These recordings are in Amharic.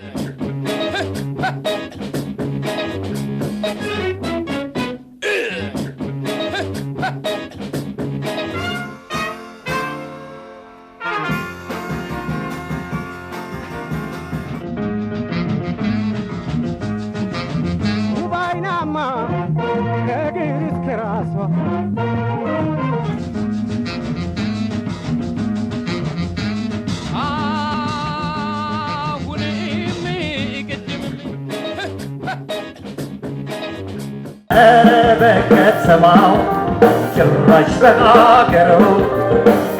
Yeah. ተናገረው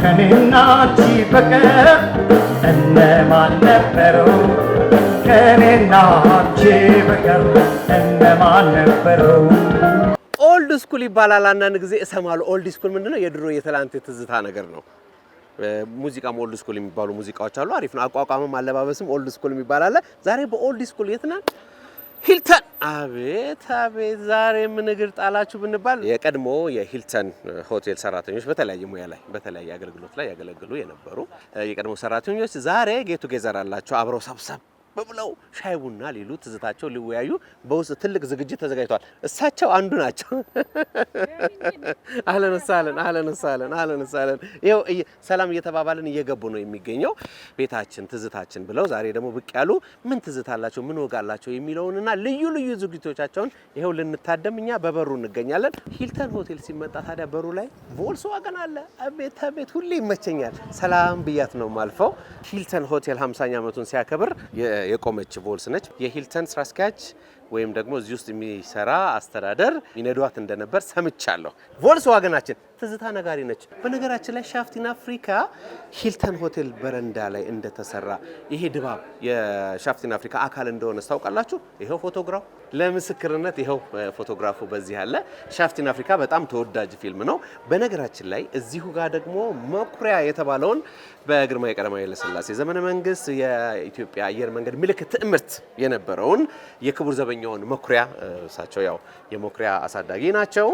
ከኔና አንቺ በቀር እነማን ነበረው? ከኔና አንቺ በቀር እነማን ነበረው? ኦልድ ስኩል ይባላል። አንዳንድ ጊዜ እሰማለሁ። ኦልድ ስኩል ምንድነው? የድሮ የትላንት ትዝታ ነገር ነው። ሙዚቃም ኦልድ ስኩል የሚባሉ ሙዚቃዎች አሉ። አሪፍ ነው። አቋቋምም አለባበስም ኦልድ ስኩል የሚባል አለ። ዛሬ በኦልድ ስኩል ሂልተን አቤት አቤት ዛሬ ምን እግር ጣላችሁ ብንባል የቀድሞ የሂልተን ሆቴል ሰራተኞች በተለያየ ሙያ ላይ በተለያየ አገልግሎት ላይ ያገለግሉ የነበሩ የቀድሞ ሰራተኞች ዛሬ ጌቱ ጌዘር አላቸው አብረው ሰብሰብ ብለው ሻይ ቡና ሊሉ ትዝታቸው ሊወያዩ በውስጥ ትልቅ ዝግጅት ተዘጋጅቷል። እሳቸው አንዱ ናቸው። አለን ሳለን አለን ሳለን አለን ሳለን። ይኸው ሰላም እየተባባልን እየገቡ ነው የሚገኘው ቤታችን ትዝታችን ብለው ዛሬ ደግሞ ብቅ ያሉ ምን ትዝታ አላቸው ምን ወግ አላቸው የሚለውንና ልዩ ልዩ ዝግጅቶቻቸውን ይኸው ልንታደም እኛ በበሩ እንገኛለን። ሂልተን ሆቴል ሲመጣ ታዲያ በሩ ላይ ቮልስ ዋገን አለ። አቤት አቤት፣ ሁሌ ይመቸኛል። ሰላም ብያት ነው ማልፈው ሂልተን ሆቴል 50 ዓመቱን ሲያከብር የቆመች ቮልስ ነች። የሂልተን ስራ አስኪያጅ ወይም ደግሞ እዚህ ውስጥ የሚሰራ አስተዳደር ሚነዷት እንደነበር ሰምቻለሁ። ቮልስ ዋገናችን ትዝታ ነጋሪ ነች። በነገራችን ላይ ሻፍቲን አፍሪካ ሂልተን ሆቴል በረንዳ ላይ እንደተሰራ ይሄ ድባብ የሻፍቲን አፍሪካ አካል እንደሆነ ታውቃላችሁ። ይኸው ፎቶግራፍ ለምስክርነት ይኸው ፎቶግራፉ በዚህ አለ። ሻፍቲን አፍሪካ በጣም ተወዳጅ ፊልም ነው። በነገራችን ላይ እዚሁ ጋር ደግሞ መኩሪያ የተባለውን በግርማዊ ቀዳማዊ ኃይለሥላሴ ዘመነ መንግስት የኢትዮጵያ አየር መንገድ ምልክት ትምህርት የነበረውን የክቡር ዘበኛውን መኩሪያ እሳቸው ያው የመኩሪያ አሳዳጊ ናቸው።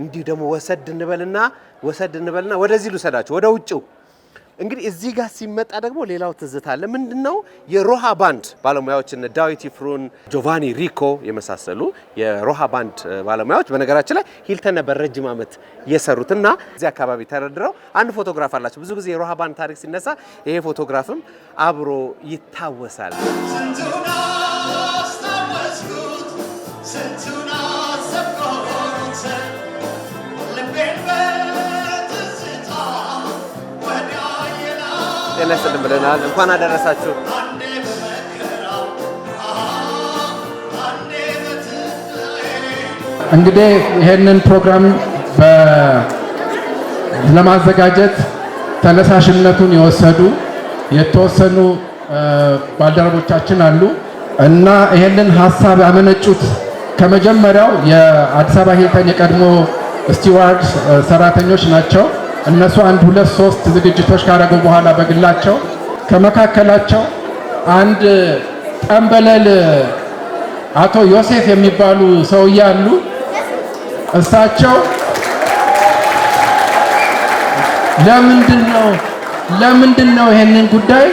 እንዲህ ደግሞ ወሰድ እንበልና ወሰድ እንበልና ወደዚህ ልውሰዳቸው ወደ ውጭው እንግዲህ እዚህ ጋር ሲመጣ ደግሞ ሌላው ትዝታ አለ። ምንድን ነው የሮሃ ባንድ ባለሙያዎች እነ ዳዊት ይፍሩን፣ ጆቫኒ ሪኮ የመሳሰሉ የሮሃ ባንድ ባለሙያዎች በነገራችን ላይ ሂልተን ነበር ረጅም ዓመት የሰሩት እና እዚህ አካባቢ ተረድረው አንድ ፎቶግራፍ አላቸው። ብዙ ጊዜ የሮሃ ባንድ ታሪክ ሲነሳ ይሄ ፎቶግራፍም አብሮ ይታወሳል። ጤና ይስጥልን ብለናል። እንኳን አደረሳችሁ። እንግዲህ ይህንን ፕሮግራም ለማዘጋጀት ተነሳሽነቱን የወሰዱ የተወሰኑ ባልደረቦቻችን አሉ እና ይህንን ሀሳብ ያመነጩት ከመጀመሪያው የአዲስ አበባ ሂልተን የቀድሞ ስቲዋርድ ሰራተኞች ናቸው። እነሱ አንድ ሁለት ሶስት ዝግጅቶች ካደረጉ በኋላ በግላቸው ከመካከላቸው አንድ ጠንበለል አቶ ዮሴፍ የሚባሉ ሰው ያሉ እሳቸው ለምንድን ነው ለምንድን ነው ይሄንን ጉዳይ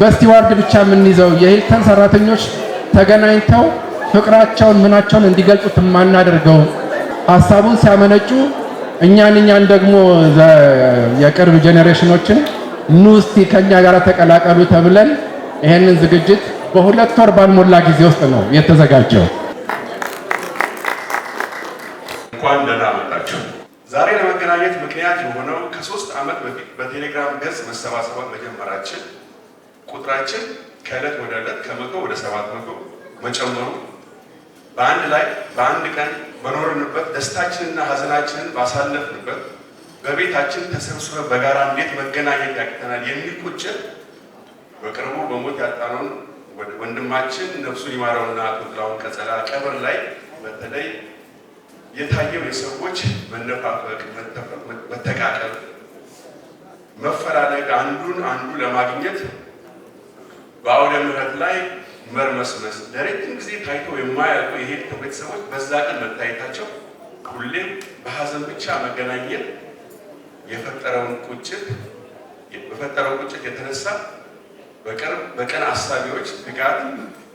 በስቲዋርድ ብቻ የምንይዘው የሂልተን ሰራተኞች ተገናኝተው ፍቅራቸውን ምናቸውን እንዲገልጹት የማናደርገው ሀሳቡን ሲያመነጩ እኛን እኛን ደግሞ የቅርብ ጄኔሬሽኖችን ኑ እስቲ ከኛ ጋር ተቀላቀሉ ተብለን ይሄንን ዝግጅት በሁለት ወር ባልሞላ ጊዜ ውስጥ ነው የተዘጋጀው። እንኳን ደህና መጣችሁ። ዛሬ ለመገናኘት ምክንያት የሆነው ከሶስት ዓመት በፊት በቴሌግራም ገጽ መሰባሰብ መጀመራችን ቁጥራችን ከእለት ወደ ዕለት ከመቶ ወደ ሰባት መቶ መጨመሩ በአንድ ላይ በአንድ ቀን በኖርንበት ደስታችንና ሀዘናችንን ባሳለፍንበት በቤታችን ተሰብስበ በጋራ እንዴት መገናኘት ያቅተናል የሚል ቁጭት በቅርቡ በሞት ያጣነውን ወንድማችን ነፍሱን ይማረውና አቶ ጥላሁን ቀጸላ ቀብር ላይ በተለይ የታየው የሰዎች መነፋፈቅ፣ መተቃቀል፣ መፈላለግ አንዱን አንዱ ለማግኘት በአውደ ምሕረት ላይ መርመስመስ ለረጅም ጊዜ ታይቶ የማያውቁ የሄድኩ ቤተሰቦች በዛ ቀን መታየታቸው ሁሌም በሀዘን ብቻ መገናኘት የፈጠረውን ቁጭት በፈጠረው ቁጭት የተነሳ በቅርብ በቀን አሳቢዎች ትጋት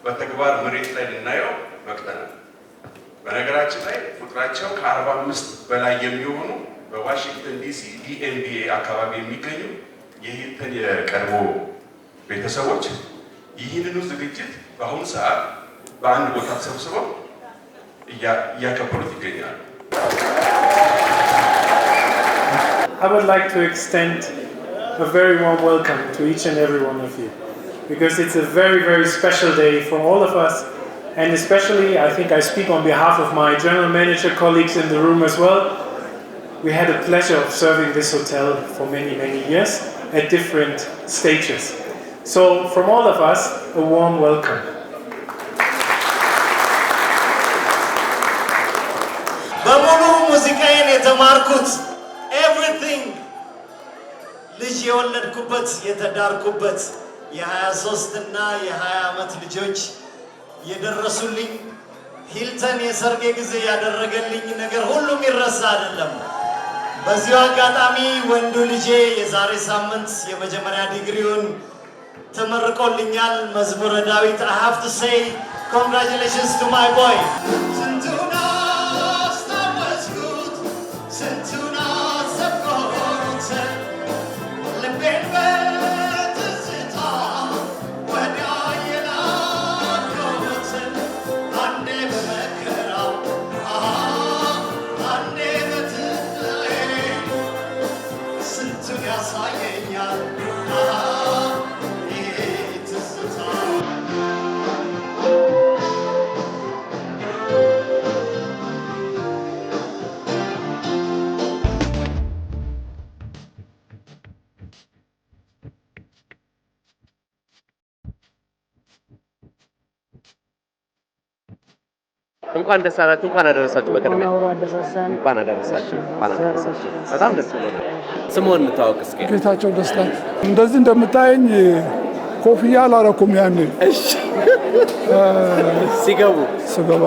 በተግባር መሬት ላይ ልናየው በቅተናል። በነገራችን ላይ ቁጥራቸው ከአርባ አምስት በላይ የሚሆኑ በዋሽንግተን ዲሲ ዲኤምቢኤ አካባቢ የሚገኙ የሂልተን የቀድሞ ቤተሰቦች ይህንኑ ዝግጅት በአሁኑ ሰዓት በአንድ ቦታ ተሰብስበው እያከበሩት ይገኛሉ። I would like to extend a very warm welcome to each and every one of you because it's a very, very special day for all of us and especially I think I speak on behalf of my general manager colleagues in the room as well. We had a pleasure of serving this hotel for many, many years at different stages. So, from all of us, a warm welcome. በሙሉ ሙዚቃዬን የተማርኩት ኤቭሪቲንግ ልጅ የወለድኩበት የተዳርኩበት የ23 እና የ20 ዓመት ልጆች የደረሱልኝ ሂልተን የሰርጌ ጊዜ ያደረገልኝ ነገር ሁሉም ይረሳ አይደለም። በዚሁ አጋጣሚ ወንዱ ልጄ የዛሬ ሳምንት የመጀመሪያ ዲግሪውን ተመርቆልኛል። መዝሙረ ዳዊት አሀፍትሴይ ኮንግራጁሌሽንስ ቱ ማይ ቦይ እንኳን ደስ አላችሁ፣ እንኳን አደረሳችሁ። በቀደም እንኳን አደረሳችሁ፣ እንኳን አደረሳችሁ። በጣም ደስ ብሎ ስሞን እንታወቅ እስኪ። ጌታቸው ደስታ። እንደዚህ እንደምታየኝ ኮፍያ አላረኩም። ያኔ ሲገቡ ስገባ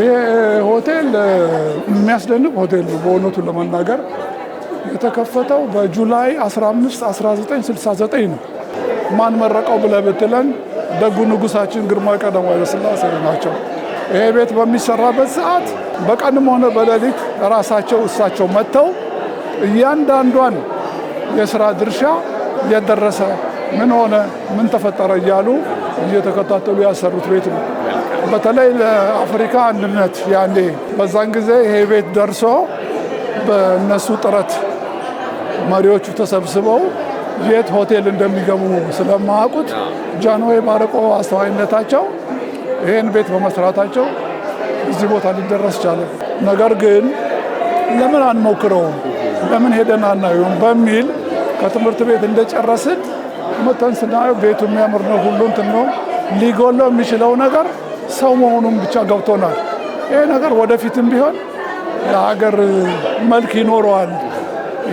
ይሄ ሆቴል የሚያስደንቅ ሆቴል ነው። በእውነቱን ለመናገር የተከፈተው በጁላይ 15 1969 ነው። ማን መረቀው ብለህ ብትለን ደጉ ንጉሳችን ግርማ ቀዳማዊ ኃይለ ሥላሴ ናቸው። ይሄ ቤት በሚሰራበት ሰዓት በቀንም ሆነ በሌሊት ራሳቸው እሳቸው መጥተው እያንዳንዷን የስራ ድርሻ እየደረሰ ምን ሆነ ምን ተፈጠረ እያሉ እየተከታተሉ ያሰሩት ቤት ነው። በተለይ ለአፍሪካ አንድነት ያኔ በዛን ጊዜ ይሄ ቤት ደርሶ በእነሱ ጥረት መሪዎቹ ተሰብስበው የት ሆቴል እንደሚገቡ ስለማያውቁት ጃንሆይ ባረቆ አስተዋይነታቸው ይህን ቤት በመስራታቸው እዚህ ቦታ ሊደረስ ቻለ። ነገር ግን ለምን አንሞክረውም፣ ለምን ሄደን አናየውም በሚል ከትምህርት ቤት እንደጨረስን መተን ስናየው ቤቱ የሚያምር ነው። ሁሉን ነው ሊጎለው የሚችለው ነገር ሰው መሆኑን ብቻ ገብቶናል። ይህ ነገር ወደፊትም ቢሆን ለሀገር መልክ ይኖረዋል።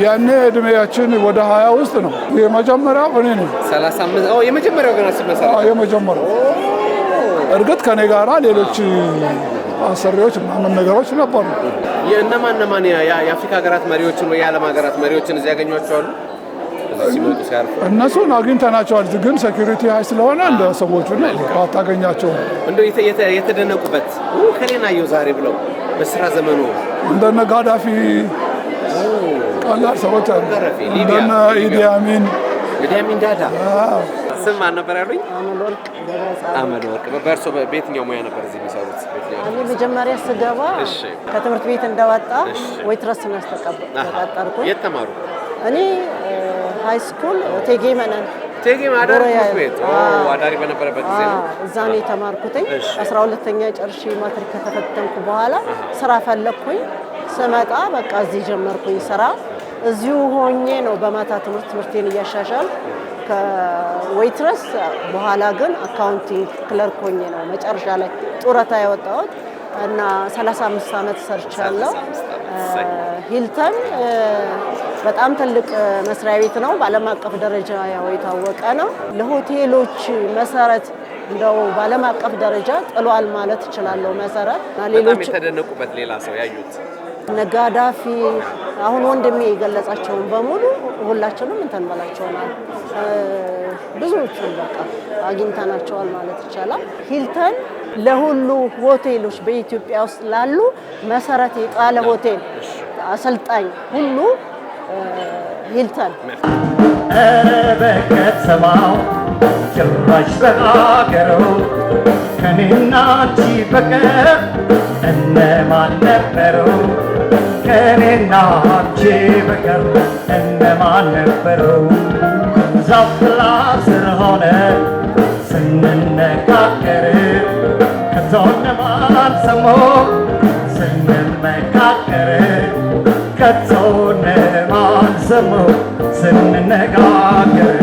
ያኔ እድሜያችን ወደ ሀያ ውስጥ ነው። የመጀመሪያው እኔ ነው የመጀመሪያው እርግጥ ከኔ ጋራ ሌሎች አሰሪዎች ምናምን ነገሮች ነበሩ። የእነማን እነማን የአፍሪካ ሀገራት መሪዎችን ወይ የዓለም ሀገራት መሪዎችን እዚህ ያገኟቸዋሉ? እነሱን አግኝተናቸዋል፣ ግን ሴኪሪቲ ሀይ ስለሆነ እንደ ሰዎቹ አታገኛቸውም። እንደ የተደነቁበት ከሌና የው ዛሬ ብለው በስራ ዘመኑ እንደነ ጋዳፊ ቀላል ሰዎች አሉ፣ እንደነ ኢዲያሚን ኢዲያሚን ዳዳ ስም ማን ነበር ያሉኝ? አመድ ወርቅ። በእርሶ በየትኛው ሙያ ነበር እዚህ የሚሰሩት? እኔ መጀመሪያ ስገባ ከትምህርት ቤት እንደወጣ ወይትረስ ነው ያስተቀጠርኩት። የት ተማሩ? እኔ ሀይ ስኩል እቴጌ መነን ቴጌ ማዳሪ ትምህርት ቤት አዳሪ በነበረበት ጊዜ ነው እዛ ነው የተማርኩትኝ። አስራ ሁለተኛ ጨርሼ ማትሪክ ከተፈተንኩ በኋላ ስራ ፈለግኩኝ። ስመጣ በቃ እዚህ ጀመርኩኝ ስራ። እዚሁ ሆኜ ነው በማታ ትምህርት ትምህርቴን እያሻሻል ከዌይትረስ በኋላ ግን አካውንቲንግ ክለርክ ሆኜ ነው መጨረሻ ላይ ጡረታ ያወጣሁት እና 35 ዓመት ሰርቻለሁ። ሂልተን በጣም ትልቅ መስሪያ ቤት ነው። በዓለም አቀፍ ደረጃ ያው የታወቀ ነው። ለሆቴሎች መሰረት እንደው በዓለም አቀፍ ደረጃ ጥሏል ማለት እችላለሁ። መሰረት ሌሎች የተደነቁበት ሌላ ሰው ያዩት ነጋዳፊ አሁን ወንድሜ የገለጻቸውን በሙሉ ሁላችንም እንተንበላቸውናል። ብዙዎቹን በቃ አግኝተናቸዋል ማለት ይቻላል። ሂልተን ለሁሉ ሆቴሎች በኢትዮጵያ ውስጥ ላሉ መሰረት የጣለ ሆቴል አሰልጣኝ ሁሉ ሂልተን በከት ሰማው ጭራሽ በአገረው ከኔና አንቺ በቀር እነማን ነበረው? ከኔና አንቺ በቀር እነማን ነበሩ? ዛፍ ጥላ ስር ሆነን ስንነጋገር ከቶ እነማን ሰሙ ስንመካከር ከቶ እነማን ሰሙ ስንነጋገር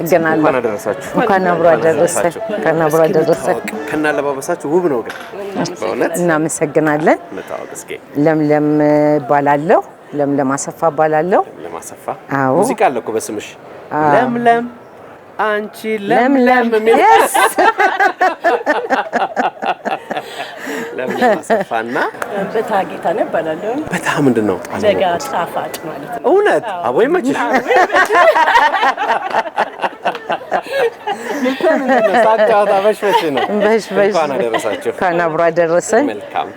አመሰግናለሁ። እንኳን አብሮ አደረሰን። እንኳን አብሮ አደረሰን። ከናለባበሳችሁ ውብ ነው ግን በእውነት እናመሰግናለን። ለምለም እባላለሁ። ለምለም አሰፋ እባላለሁ። አዎ ሙዚቃ አለ እኮ በስምሽ ለምለም አንቺ ለምለም ለምለምአሰፋና በታ ምንድን ነው? ጣፋጭ ማለት ነው። እውነት አቦይ መችሽ እንኳን አብሮ አደረሰን።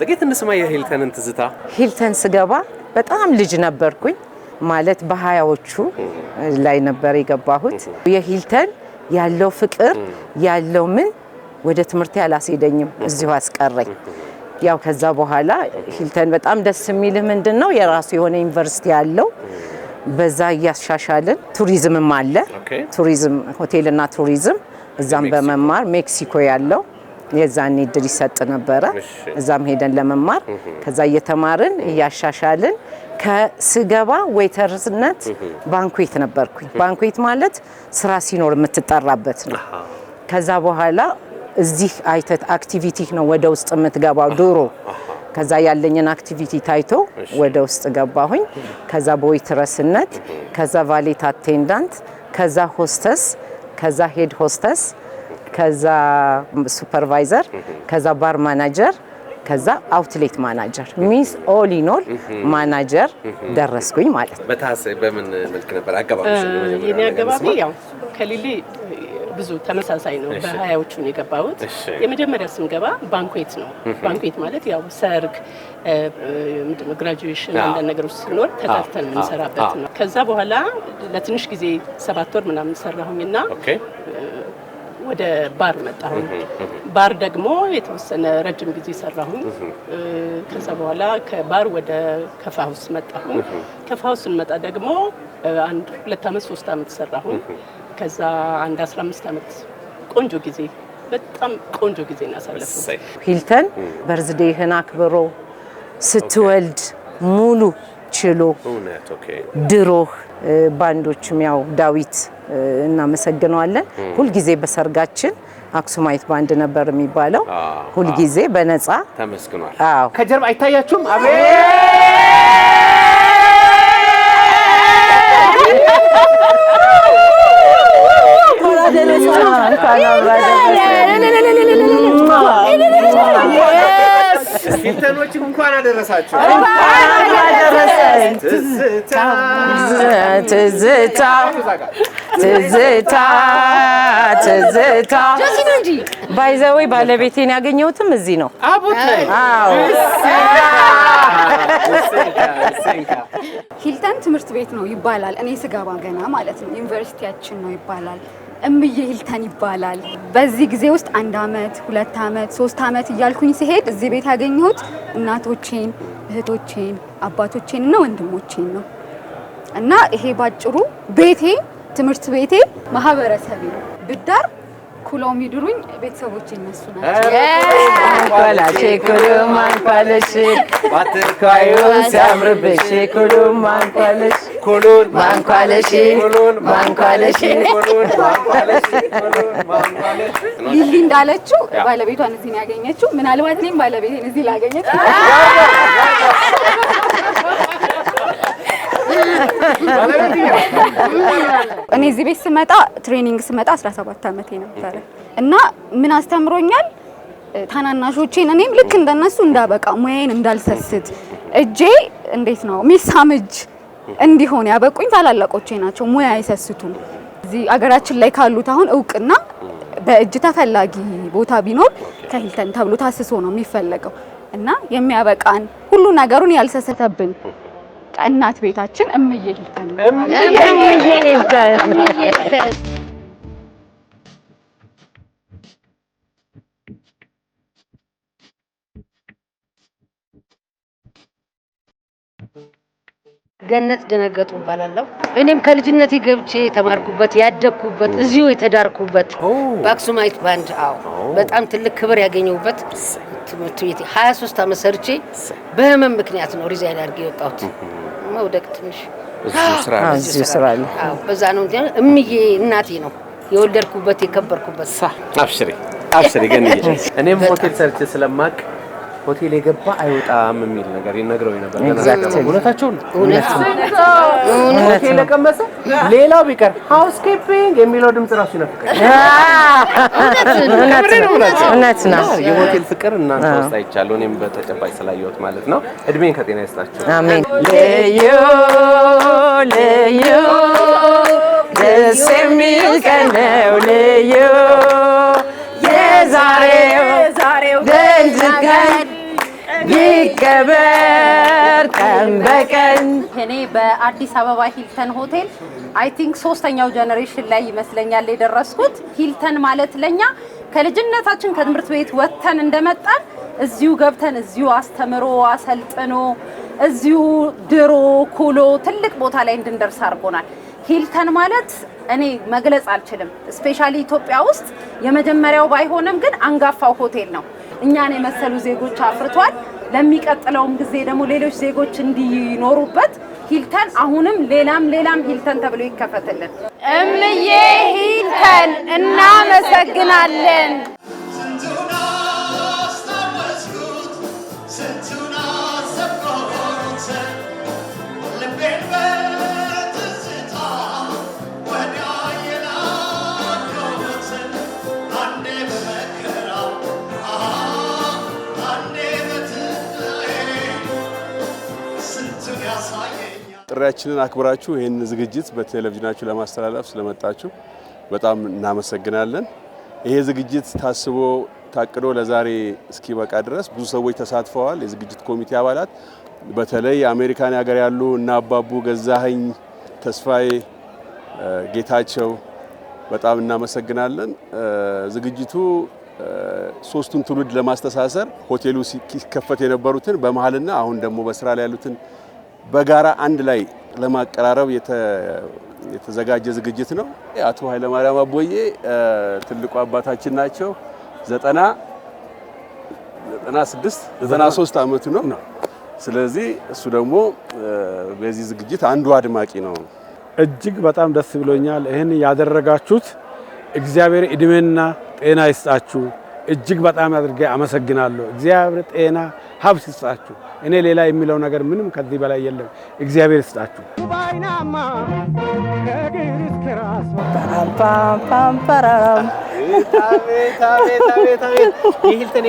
ጥቂት እንስማ የሂልተንን ትዝታ። ሂልተን ስገባ በጣም ልጅ ነበርኩኝ ማለት በሀያዎቹ ላይ ነበር የገባሁት። የሂልተን ያለው ፍቅር ያለው ምን ወደ ትምህርት አላስሄደኝም፣ እዚሁ አስቀረኝ። ያው ከዛ በኋላ ሂልተን በጣም ደስ የሚልህ ምንድን ነው የራሱ የሆነ ዩኒቨርሲቲ አለው በዛ እያሻሻልን ቱሪዝምም አለ። ቱሪዝም ሆቴልና ቱሪዝም እዛም በመማር ሜክሲኮ ያለው የዛኔ እድል ይሰጥ ነበረ። እዛም ሄደን ለመማር ከዛ እየተማርን እያሻሻልን ከስገባ ዌይተርነት ባንኩዌት ነበርኩኝ። ባንኩዌት ማለት ስራ ሲኖር የምትጠራበት ነው። ከዛ በኋላ እዚህ አይተት አክቲቪቲ ነው ወደ ውስጥ የምትገባው ድሮ ከዛ ያለኝን አክቲቪቲ ታይቶ ወደ ውስጥ ገባሁኝ። ከዛ ቦይትረስነት፣ ከዛ ቫሌት አቴንዳንት፣ ከዛ ሆስተስ፣ ከዛ ሄድ ሆስተስ፣ ከዛ ሱፐርቫይዘር፣ ከዛ ባር ማናጀር፣ ከዛ አውትሌት ማናጀር ሚስ ኦል ኢን ኦል ማናጀር ደረስኩኝ ማለት ነው። በምን መልክ ነበር አገባቢ? ያው ከሊሊ ብዙ ተመሳሳይ ነው። በሀያዎቹ ነው የገባሁት። የመጀመሪያ ስንገባ ባንኩዌት ነው። ባንኩዌት ማለት ያው ሰርግ፣ ምንድነው ግራጁዌሽን፣ አንዳንድ ነገሮች ሲኖር ተካፍተን የምንሰራበት ነው። ከዛ በኋላ ለትንሽ ጊዜ ሰባት ወር ምናምን ሰራሁኝና ወደ ባር መጣሁኝ። ባር ደግሞ የተወሰነ ረጅም ጊዜ ሰራሁኝ። ከዛ በኋላ ከባር ወደ ከፋውስ መጣሁኝ። ከፋውስ ስንመጣ ደግሞ አንድ ሁለት አመት ሶስት አመት ሰራሁኝ። ከዛ አንድ 15 ዓመት ቆንጆ ጊዜ በጣም ቆንጆ ጊዜ እናሳለፍን። ሂልተን በርዝዴህን አክብሮ ስትወልድ ሙሉ ችሎ ድሮህ ባንዶችም ያው ዳዊት እናመሰግነዋለን። ሁልጊዜ በሰርጋችን አክሱማይት ባንድ ነበር የሚባለው። ሁልጊዜ በነፃ ተመስግኗል። ከጀርባ አይታያችሁም? አቤት ፊተኖችን ትዝታ ትዝታ ባይ ዘ ወይ ባለቤቴን ያገኘሁትም እዚህ ነው። ሂልተን ትምህርት ቤት ነው ይባላል። እኔ ስገባ ገና ማለት ነው ዩኒቨርሲቲያችን ነው ይባላል። እምዬ ኢልተን ይባላል። በዚህ ጊዜ ውስጥ አንድ አመት፣ ሁለት አመት፣ ሶስት አመት እያልኩኝ ሲሄድ እዚህ ቤት ያገኘሁት እናቶቼን፣ እህቶቼን፣ አባቶቼን እና ወንድሞቼን ነው እና ይሄ ባጭሩ ቤቴ፣ ትምህርት ቤቴ፣ ማህበረሰቤ ብዳር ኩሎ ሚድሩኝ ቤተሰቦች እነሱ ናቸው። kulun ማንኳለሺ kulun ማንኳለሺ kulun ማንኳለሺ kulun ሊሊ እንዳለችው ባለቤቷን እዚህ ያገኘችው። ምናልባት እኔም ባለቤቴን እዚህ ላገኘች እኔ እዚህ ቤት ስመጣ ትሬኒንግ ስመጣ 17 ዓመቴ ነበረ እና ምን አስተምሮኛል? ታናናሾቼን እኔም ልክ እንደነሱ እንዳበቃ ሙያዬን እንዳልሰስት እጄ እንዴት ነው ሚሳም እጅ እንዲሆን ያበቁኝ ታላላቆቼ ናቸው። ሙያ አይሰስቱም። እዚህ አገራችን ላይ ካሉት አሁን እውቅና በእጅ ተፈላጊ ቦታ ቢኖር ከሂልተን ተብሎ ታስሶ ነው የሚፈለገው እና የሚያበቃን ሁሉ ነገሩን ያልሰሰተብን እናት ቤታችን እምዬ ሂልተን ገነት ደነገጡ እባላለሁ። እኔም ከልጅነቴ ገብቼ የተማርኩበት ያደግኩበት እዚሁ የተዳርኩበት በአክሱማይት ባንድ አዎ፣ በጣም ትልቅ ክብር ያገኘሁበት ትምህርት ቤት 23 ዓመት ሰርቼ በህመም ምክንያት ነው ሪዛይን አድርጌ የወጣሁት። መውደቅ ትንሽ እዚሁ ስራ ነው። በዛ ነው እምዬ እናቴ ነው የወለድኩበት የከበርኩበት። አብሽሪ አብሽሪ። ገንዬ እኔም ሆቴል ሰርቼ ስለማቅ ሆቴል የገባ አይወጣም የሚል ነገር ይነግረው ነበር። ነው። ሆቴል የቀመሰ ሌላው ቢቀር ሃውስኬፒንግ የሚለው ድምጽ ራሱ ይነፍቃል። የሆቴል ፍቅር እናንተ ውስጥ አይቻለሁ፣ እኔም በተጨባጭ ስላየሁት ማለት ነው። እድሜን ከጤና ይስጣችሁ። አሜን። ልዩ ልዩ ደስ የሚል ቀን ነው ልዩ የዛሬው ይቀበር ቀን በቀን እኔ በአዲስ አበባ ሂልተን ሆቴል አይ ቲንክ ሶስተኛው ጀኔሬሽን ላይ ይመስለኛል የደረስኩት። ሂልተን ማለት ለኛ ከልጅነታችን ከትምህርት ቤት ወጥተን እንደመጣን እዚሁ ገብተን እዚሁ አስተምሮ አሰልጥኖ እዚሁ ድሮ ኩሎ ትልቅ ቦታ ላይ እንድንደርስ አድርጎናል። ሂልተን ማለት እኔ መግለጽ አልችልም። ስፔሻሊ ኢትዮጵያ ውስጥ የመጀመሪያው ባይሆንም ግን አንጋፋው ሆቴል ነው። እኛን የመሰሉ ዜጎች አፍርቷል። ለሚቀጥለውም ጊዜ ደግሞ ሌሎች ዜጎች እንዲኖሩበት ሂልተን አሁንም ሌላም ሌላም ሂልተን ተብሎ ይከፈትልን። እምዬ ሂልተን እናመሰግናለን። ጥሪያችንን አክብራችሁ ይህን ዝግጅት በቴሌቪዥናችሁ ለማስተላለፍ ስለመጣችሁ በጣም እናመሰግናለን። ይሄ ዝግጅት ታስቦ ታቅዶ ለዛሬ እስኪበቃ ድረስ ብዙ ሰዎች ተሳትፈዋል። የዝግጅት ኮሚቴ አባላት በተለይ አሜሪካን ሀገር ያሉ እና አባቡ ገዛኸኝ፣ ተስፋዬ ጌታቸው በጣም እናመሰግናለን። ዝግጅቱ ሶስቱን ትውልድ ለማስተሳሰር ሆቴሉ ሲከፈት የነበሩትን በመሀልና አሁን ደግሞ በስራ ላይ ያሉትን በጋራ አንድ ላይ ለማቀራረብ የተዘጋጀ ዝግጅት ነው። አቶ ኃይለማርያም አቦዬ ትልቁ አባታችን ናቸው። ዘጠና ዘጠና ስድስት ዘጠና ሶስት ዓመቱ ነው። ስለዚህ እሱ ደግሞ በዚህ ዝግጅት አንዱ አድማቂ ነው። እጅግ በጣም ደስ ብሎኛል። ይህን ያደረጋችሁት እግዚአብሔር እድሜና ጤና ይስጣችሁ። እጅግ በጣም አድርጌ አመሰግናለሁ። እግዚአብሔር ጤና ሀብት ይስጣችሁ። እኔ ሌላ የሚለው ነገር ምንም ከዚህ በላይ የለም። እግዚአብሔር ይስጣችሁ። የሂልተን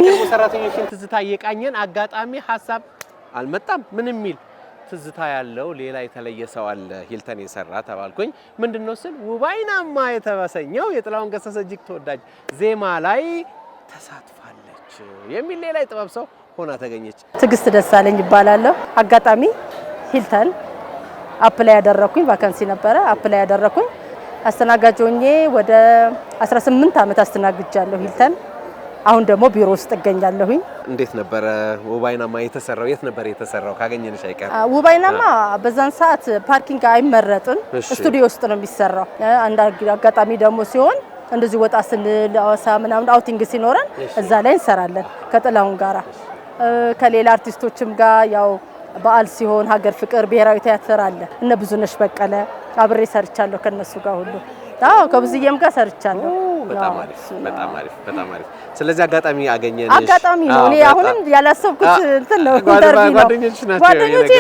ትዝታ የቃኘን አጋጣሚ ሀሳብ አልመጣም ምን የሚል ትዝታ ያለው ሌላ የተለየ ሰው አለ ሂልተን የሰራ ተባልኩኝ። ምንድነው ስል ውባይናማ የተሰኘው የጥላሁን ገሰሰ እጅግ ተወዳጅ ዜማ ላይ ተሳትፋለች የሚል ሌላ የጥበብ ሰው ሆና ተገኘች። ትግስት ደሳለኝ ይባላለሁ። አጋጣሚ ሂልተን አፕላይ ያደረኩኝ ቫካንሲ ነበረ። አፕላይ ያደረኩኝ አስተናጋጅ ሆኜ ወደ 18 ዓመት አስተናግጃለሁ ሂልተን። አሁን ደግሞ ቢሮ ውስጥ እገኛለሁኝ። እንዴት ነበረ ውባይናማ የተሰራው? የት ነበር የተሰራው? ካገኘንሽ አይቀር ውባይናማ በዛን ሰዓት ፓርኪንግ አይመረጥም፣ ስቱዲዮ ውስጥ ነው የሚሰራው። አንድ አጋጣሚ ደግሞ ሲሆን እንደዚህ ወጣ ስንል አዋሳ ምናምን አውቲንግ ሲኖረን እዛ ላይ እንሰራለን ከጥላሁን ጋራ ከሌላ አርቲስቶችም ጋር ያው በዓል ሲሆን ሀገር ፍቅር ብሔራዊ ቲያትር አለ። እነ ብዙነሽ በቀለ አብሬ ሰርቻለሁ ከነሱ ጋር ሁሉ። አዎ ከብዙዬም ጋር ሰርቻለሁ። በጣም አሪፍ በጣም አሪፍ በጣም አሪፍ። ስለዚህ አጋጣሚ አገኘን። አጋጣሚ ነው። እኔ አሁንም ያላሰብኩት እንትን ነው ኢንተርቪው ነው።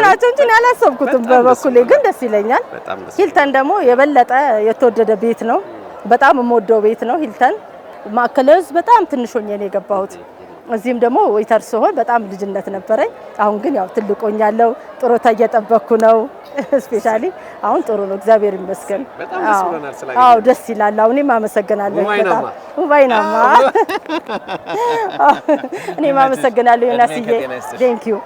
ናቸው እንጂ ያላሰብኩትም በበኩሌ ግን ደስ ይለኛል። ሂልተን ደግሞ የበለጠ የተወደደ ቤት ነው። በጣም የምወደው ቤት ነው ሂልተን። ማዕከላዊ ውስጥ በጣም ትንሽ ሆኜ ነው የገባሁት። እዚህም ደግሞ ወይተር ስሆን በጣም ልጅነት ነበረኝ። አሁን ግን ያው ትልቆኛለው ጥሮታ እየጠበቅኩ ነው። ስፔሻሊ አሁን ጥሩ ነው፣ እግዚአብሔር ይመስገን። አዎ ደስ ይላል። አሁን እኔም አመሰግናለሁ። በጣም ውባይናማ እኔም አመሰግናለሁ ዮናስዬ፣ ቴንኪዩ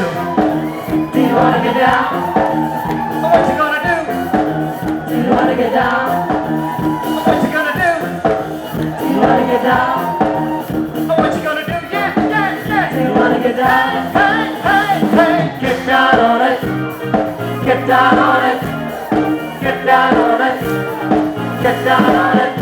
do? Do you wanna get down? What you gonna do? Do you wanna get down? What you gonna do? Do you wanna get down? What you gonna do? Yeah, yeah, yeah. Do you wanna get down? Hey, hey, hey. Get down on it. Get down on it. Get down on it. Get down on it.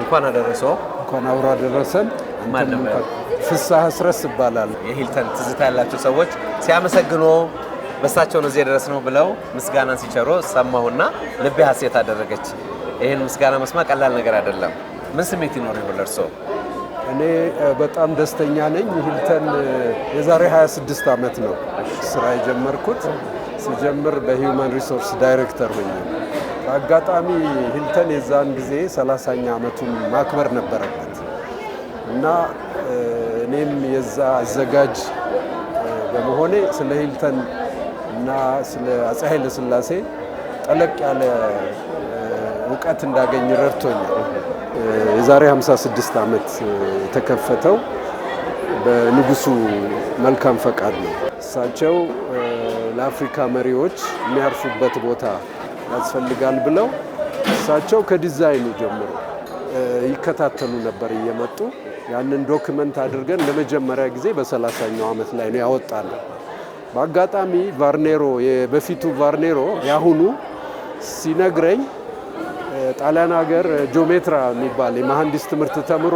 እንኳን አደረሰው። እንኳን አብሮ አደረሰን። ማን ነበር? ፍሳህ ስረስ ይባላል። የሂልተን ትዝታ ያላቸው ሰዎች ሲያመሰግኖ በሳቸውን እዚህ ነው ብለው ምስጋናን ሲቸሮ ሰማሁና ልቤ ሀሴት አደረገች። ይህን ምስጋና መስማ ቀላል ነገር አይደለም። ምን ስሜት ይኖር ይሆን እርስዎ? እኔ በጣም ደስተኛ ነኝ። ሂልተን የዛሬ 26 ዓመት ነው ስራ የጀመርኩት። ስጀምር በሂውማን ሪሶርስ ዳይሬክተር ሆኜ በአጋጣሚ ሂልተን የዛን ጊዜ 30ኛ ዓመቱን ማክበር ነበረበት እና እኔም የዛ አዘጋጅ በመሆኔ ስለ ሂልተን እና ስለ አፄ ኃይለ ስላሴ ጠለቅ ያለ እውቀት እንዳገኝ ረድቶኛል። የዛሬ 56 ዓመት የተከፈተው በንጉሱ መልካም ፈቃድ ነው። እሳቸው ለአፍሪካ መሪዎች የሚያርፉበት ቦታ ያስፈልጋል ብለው እሳቸው ከዲዛይኑ ጀምሮ ይከታተሉ ነበር እየመጡ ያንን ዶክመንት አድርገን ለመጀመሪያ ጊዜ በሰላሳኛው ዓመት ላይ ነው ያወጣነው። በአጋጣሚ ቫርኔሮ በፊቱ ቫርኔሮ ያሁኑ ሲነግረኝ ጣሊያን ሀገር ጂኦሜትራ የሚባል የመሐንዲስ ትምህርት ተምሮ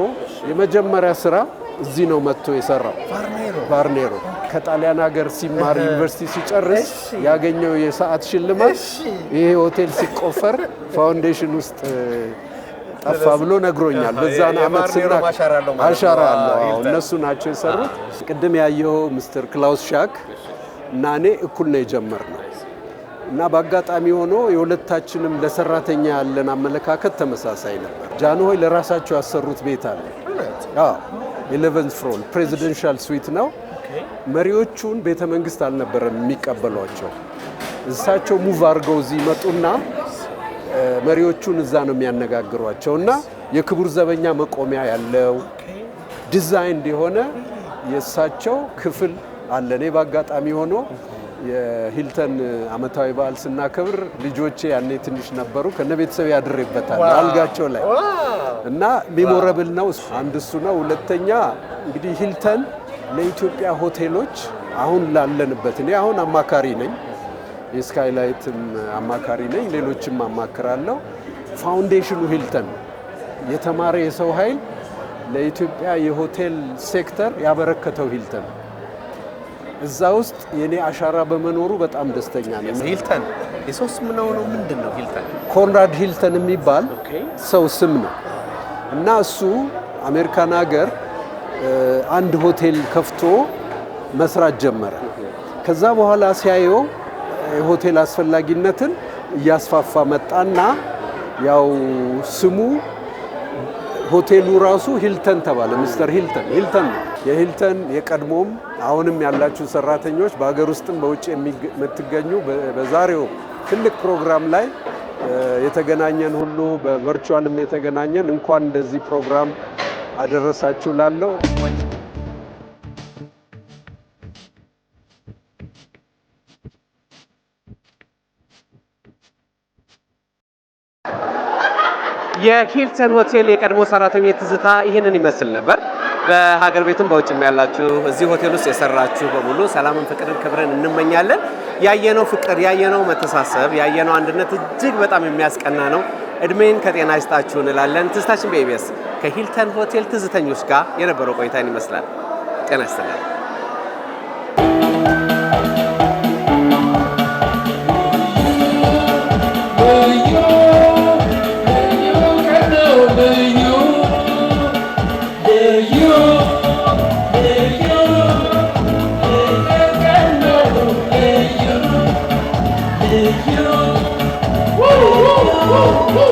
የመጀመሪያ ስራ እዚህ ነው መጥቶ የሰራው ቫርኔሮ። ከጣሊያን ሀገር ሲማር ዩኒቨርሲቲ ሲጨርስ ያገኘው የሰዓት ሽልማት ይሄ ሆቴል ሲቆፈር ፋውንዴሽን ውስጥ ጠፋ ብሎ ነግሮኛል። በዛን አመት ስና አሻራ አለው። እነሱ ናቸው የሰሩት። ቅድም ያየው ምስተር ክላውስ ሻክ እና እኔ እኩል ነው የጀመርነው እና በአጋጣሚ ሆኖ የሁለታችንም ለሰራተኛ ያለን አመለካከት ተመሳሳይ ነበር። ጃንሆይ ለራሳቸው ያሰሩት ቤት አለ። ኢሌቨንዝ ፍሮል ፕሬዚደንሻል ስዊት ነው። መሪዎቹን ቤተ መንግስት አልነበረም የሚቀበሏቸው። እሳቸው ሙቭ አድርገው እዚህ መጡና መሪዎቹን እዛ ነው የሚያነጋግሯቸው እና የክቡር ዘበኛ መቆሚያ ያለው ዲዛይን የሆነ የእሳቸው ክፍል አለ። እኔ በአጋጣሚ ሆኖ የሂልተን ዓመታዊ በዓል ስናከብር ልጆቼ ያኔ ትንሽ ነበሩ ከነ ቤተሰብ ያድሬበታል አልጋቸው ላይ እና ሚሞረብል ነው። አንድ እሱ ነው። ሁለተኛ እንግዲህ ሂልተን ለኢትዮጵያ ሆቴሎች አሁን ላለንበት እኔ አሁን አማካሪ ነኝ የስካይላይትም አማካሪ ነኝ፣ ሌሎችም አማክራለሁ። ፋውንዴሽኑ ሂልተን የተማረ የሰው ኃይል ለኢትዮጵያ የሆቴል ሴክተር ያበረከተው ሂልተን እዛ ውስጥ የኔ አሻራ በመኖሩ በጣም ደስተኛ ነኝ። ሂልተን የሰው ስም ነው ነው ምንድን ነው ሂልተን? ኮንራድ ሂልተን የሚባል ሰው ስም ነው እና እሱ አሜሪካን ሀገር አንድ ሆቴል ከፍቶ መስራት ጀመረ። ከዛ በኋላ ሲያየው የሆቴል አስፈላጊነትን እያስፋፋ መጣና ያው ስሙ ሆቴሉ ራሱ ሂልተን ተባለ። ሚስተር ሂልተን ሂልተን ነው። የሂልተን የቀድሞም አሁንም ያላችሁ ሰራተኞች በሀገር ውስጥም በውጭ የምትገኙ በዛሬው ትልቅ ፕሮግራም ላይ የተገናኘን ሁሉ በቨርቹዋልም የተገናኘን እንኳን እንደዚህ ፕሮግራም አደረሳችሁ ላለው የሂልተን ሆቴል የቀድሞ ሰራተኞች ትዝታ ይህንን ይመስል ነበር። በሀገር ቤትም በውጭም ያላችሁ እዚህ ሆቴል ውስጥ የሰራችሁ በሙሉ ሰላምን፣ ፍቅርን፣ ክብርን እንመኛለን። ያየነው ፍቅር፣ ያየነው መተሳሰብ፣ ያየነው አንድነት እጅግ በጣም የሚያስቀና ነው። እድሜን ከጤና ይስጣችሁ እንላለን። ትዝታችን በኢቢኤስ ከሂልተን ሆቴል ትዝተኞች ጋር የነበረው ቆይታን ይመስላል። ጤና ይስጥልን። Oh,